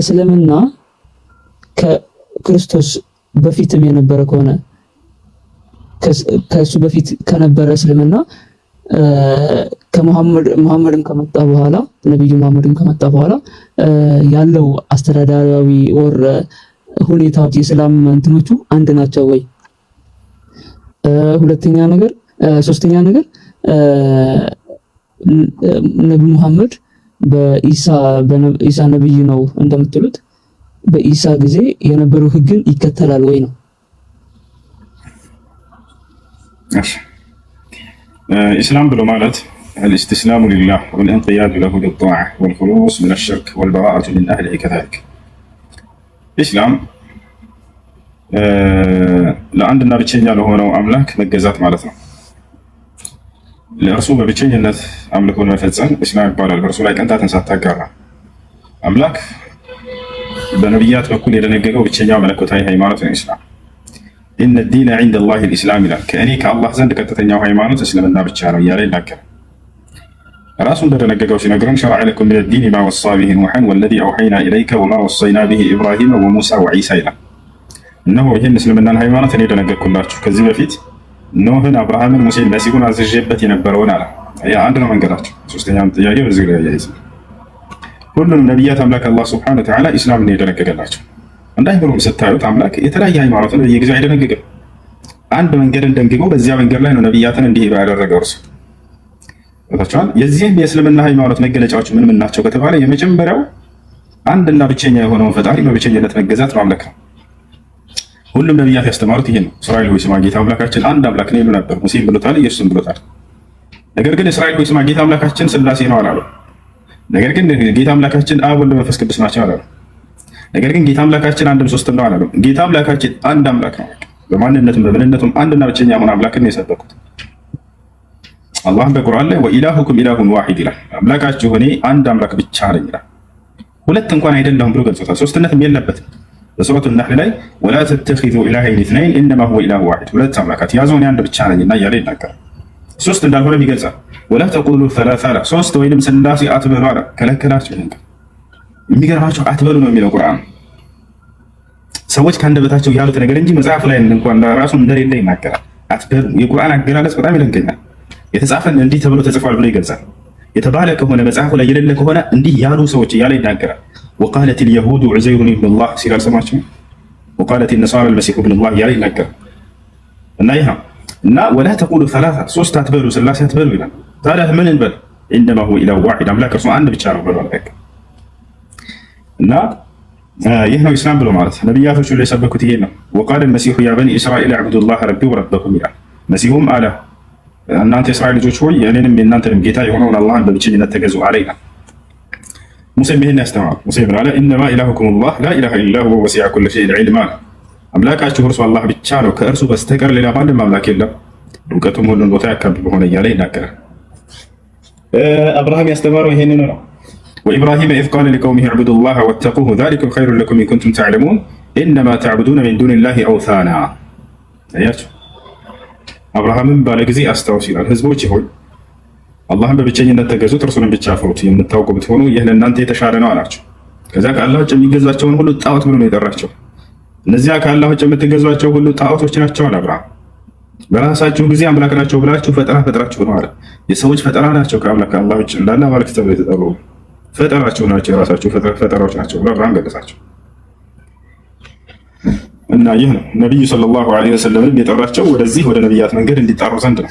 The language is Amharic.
እስልምና ከክርስቶስ በፊትም የነበረ ከሆነ ከሱ በፊት ከነበረ እስልምና ከመሐመድም ከመጣ በኋላ ነቢዩ መሐመድም ከመጣ በኋላ ያለው አስተዳዳሪያዊ ወር ሁኔታዎች የሰላም እንትኖቹ አንድ ናቸው ወይ? ሁለተኛ ነገር ሶስተኛ ነገር ነቢ መሐመድ በኢሳ ነብይ ነው እንደምትሉት በኢሳ ጊዜ የነበረው ህግን ይከተላል ወይ ነው? ኢስላም ብሎ ማለት الاستسلام لله والانقياد له للطاعة والخلوص من الشرك والبراءة من أهله كذلك ኢስላም ለአንድና ብቸኛ ለሆነው አምላክ መገዛት ማለት ነው። ለእርሱ በብቸኝነት አምልኮን መፈጸም እስላም ይባላል። በእርሱ ላይ ቅንጣትን ሳታጋራ አምላክ በነቢያት በኩል የደነገገው ብቸኛው መለኮታዊ ሃይማኖት ነው ኢስላም። ኢነ ዲነ ዒንደ ላሂ ልኢስላም ይላል። ከእኔ ከአላህ ዘንድ ቀጥተኛው ሃይማኖት እስልምና ብቻ ነው እያለ ይናገራል። ራሱ እንደደነገገው ሲነግረን ሸረዐ ለኩም ሚነ ዲን ማ ወሳ ብሂ ኑሐን ወለዚ አውሐይና ኢለይከ ወማ ወሰይና ብሂ ኢብራሂመ ወሙሳ ወዒሳ ይላል። እነሆ ይህን እስልምናን ሃይማኖት እኔ ደነገግኩላችሁ ከዚህ በፊት ኖህን፣ አብርሃምን፣ ሙሴን፣ መሲሁን አዘዤበት የነበረውን አለ። ያ አንድ ነው መንገዳቸው። ሶስተኛም ጥያቄ በዚህ ላይ ያያይዘ ሁሉንም ነቢያት አምላክ አላህ ስብሐነሁ ወተዓላ ኢስላም ነው የደነገገላቸው። እንዳይሆኑም ስታዩት አምላክ የተለያየ ሃይማኖት ነው በየጊዜው አይደነግግም። አንድ መንገድን ደንግጎ በዚያ መንገድ ላይ ነው ነቢያትን እንዲህ ያደረገው እርሱ ታቸዋል። የዚህም የእስልምና ሃይማኖት መገለጫዎች ምን ምን ናቸው ከተባለ የመጀመሪያው አንድና ብቸኛ የሆነውን ፈጣሪ በብቸኝነት መገዛት ማምለክ ነው። ሁሉም ነቢያት ያስተማሩት ይሄ ነው። እስራኤል ሆይ ስማ ጌታ አምላካችን አንድ አምላክ ነው ይሉ ነበር። ሙሴም ብሎታል፣ ኢየሱስም ብሎታል። ነገር ግን እስራኤል ሆይ ስማ ጌታ አምላካችን ስላሴ ነው አላሉ። ነገር ግን ጌታ አምላካችን አብ፣ ወልድ፣ መንፈስ ቅዱስ ናቸው አላሉ። ነገር ግን ጌታ አምላካችን አንድም ሶስትም ነው አላሉ። ጌታ አምላካችን አንድ አምላክ ነው። በማንነቱም በምንነቱም አንድና ብቸኛ ሆነ አምላክ ነው የሰበኩት። አላህም በቁርአን ላይ ወኢላሁኩም ኢላሁን ዋሂድ ይላል። አምላካችሁ እኔ አንድ አምላክ ብቻ ነኝ ይላል። ሁለት እንኳን አይደለሁም ብሎ ገልጾታል። ሶስትነትም የለበትም በሱረቱ ነህል ላይ ወላ ተተኪዙ ኢላሀይን ኢትነይን ኢነማ ሁወ ኢላሁ ዋሂድ፣ ሁለት አምላካት ያዙ እኔ አንድ ብቻ እና እያለ ይናገራል። ሶስት እንዳልሆነም ይገልጻል። ወላ ተቁሉ ሰላሳ አለ፣ ሶስት ወይንም ስላሴ አትበሉ አለ፣ ከለከላቸው። ይሄን የሚገርማቸው አትበሉ ነው የሚለው ቁርአን። ሰዎች ከአንደበታቸው ያሉት ነገር እንጂ መጽሐፍ ላይ እንኳን ራሱ እንደሌለ ይናገራል። አትበሉ የቁርአን አገላለጽ በጣም ይለንገኛል። የተጻፈን እንዲህ ተብሎ ተጽፏል ብሎ ይገልጻል። የተባለ ከሆነ መጽሐፉ ላይ የሌለ ከሆነ እንዲህ ያሉ ሰዎች እያለ ይናገራል። وقالت اليهود عزير ابن الله سيرا سماشي وقالت النصارى المسيح ابن الله يا ريت نكر نايها نا ولا تقول ثلاثة سوستا تبلو سلاسة تبلو إلى ثلاثة من بل عندما هو إلى واحد أم لك رسول عنده بشارة بلو لك نا آه، يهنا الإسلام بلو مالت نبي يافر شو اللي سبكو تيهنا وقال المسيح يا بني إسرائيل اعبدوا الله ربي وربكم إلى مسيحهم آله أن أنت إسرائيل جو شوي يعني من أنت من قتاي هنا الله أنت بتشين أنت علينا ሙሴም ይህን ያስተማሩ። ሙሴ ምን አለ? ኢነማ ኢላሁኩም ላህ ላኢላሃ ኢላ ሁወ ወሲዐ ኩለ ሸይን ዒልማ አምላካችሁ እርሱ አላህ ብቻ ነው፣ ከእርሱ በስተቀር ሌላ ማንም አምላክ የለም፣ እውቀቱም ሁሉን ቦታ ያካብል በሆነ እያለ ይናገራል። አብርሃም ያስተማረው ይሄን ነው። ወኢብራሂም ኢዝ ቃለ ሊቀውሚሂ ዕቡዱ ላህ ወተቁሁ ዛሊኩም ኸይሩን ለኩም ኢን ኩንቱም ተዕለሙን ኢነማ ተዕቡዱነ ሚን ዱኒ ላሂ አውሳና። አያችሁ አብርሃምም ባለ ጊዜ አስታውስ ይላል፣ ህዝቦች ይሆን አላህን በብቸኝነት ተገዙት እርሱንም ብቻ ፍሩት የምታውቁ ብትሆኑ ይህ ለእናንተ የተሻለ ነው አላቸው። ከዛ ከአላህ ውጭ የሚገዛቸውን ሁሉ ጣዖት ብሎ ነው የጠራቸው። እነዚያ ከአላህ ውጭ የምትገዟቸው ሁሉ ጣዖቶች ናቸው አለ አብርሃም። በራሳችሁ ጊዜ አምላክ ናቸው ብላችሁ ፈጠራ ፈጠራችሁ ነው አለ። የሰዎች ፈጠራ ናቸው ከአምላክ አላህ ውጭ እንዳለ አማልክት ተብሎ የተጠሩ ፈጠራችሁ ናቸው፣ የራሳችሁ ፈጠራዎች ናቸው ብሎ አብርሃም ገለጻቸው። እና ይህ ነው ነቢዩ ሰለላሁ ዐለይሂ ወሰለምንም የጠራቸው ወደዚህ ወደ ነቢያት መንገድ እንዲጣሩ ዘንድ ነው።